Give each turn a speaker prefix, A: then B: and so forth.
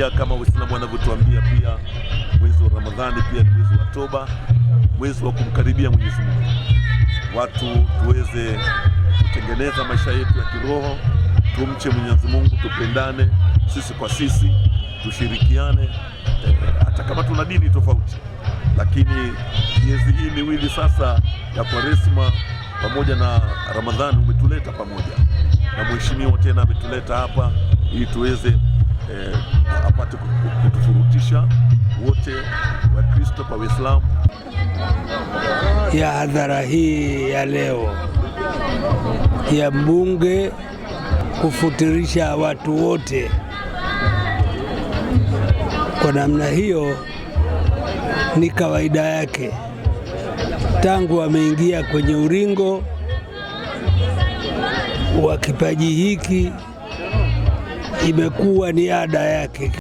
A: pia kama Uislamu wanavyotuambia pia mwezi wa Ramadhani pia ni mwezi wa toba, mwezi wa kumkaribia Mwenyezi Mungu. Watu tuweze kutengeneza maisha yetu ya kiroho, tumche Mwenyezi Mungu, tupendane sisi kwa sisi, tushirikiane eh, hata kama tuna dini tofauti, lakini miezi hii miwili sasa ya Kwaresma pamoja na Ramadhani umetuleta pamoja na mheshimiwa tena ametuleta hapa ili tuweze eh, apate kutufurutisha wote wa Kristo kwa Uislamu.
B: Ya hadhara hii ya leo ya mbunge kufutirisha watu wote kwa namna hiyo ni kawaida yake tangu ameingia kwenye ulingo wa kipaji hiki, imekuwa ni ada yake.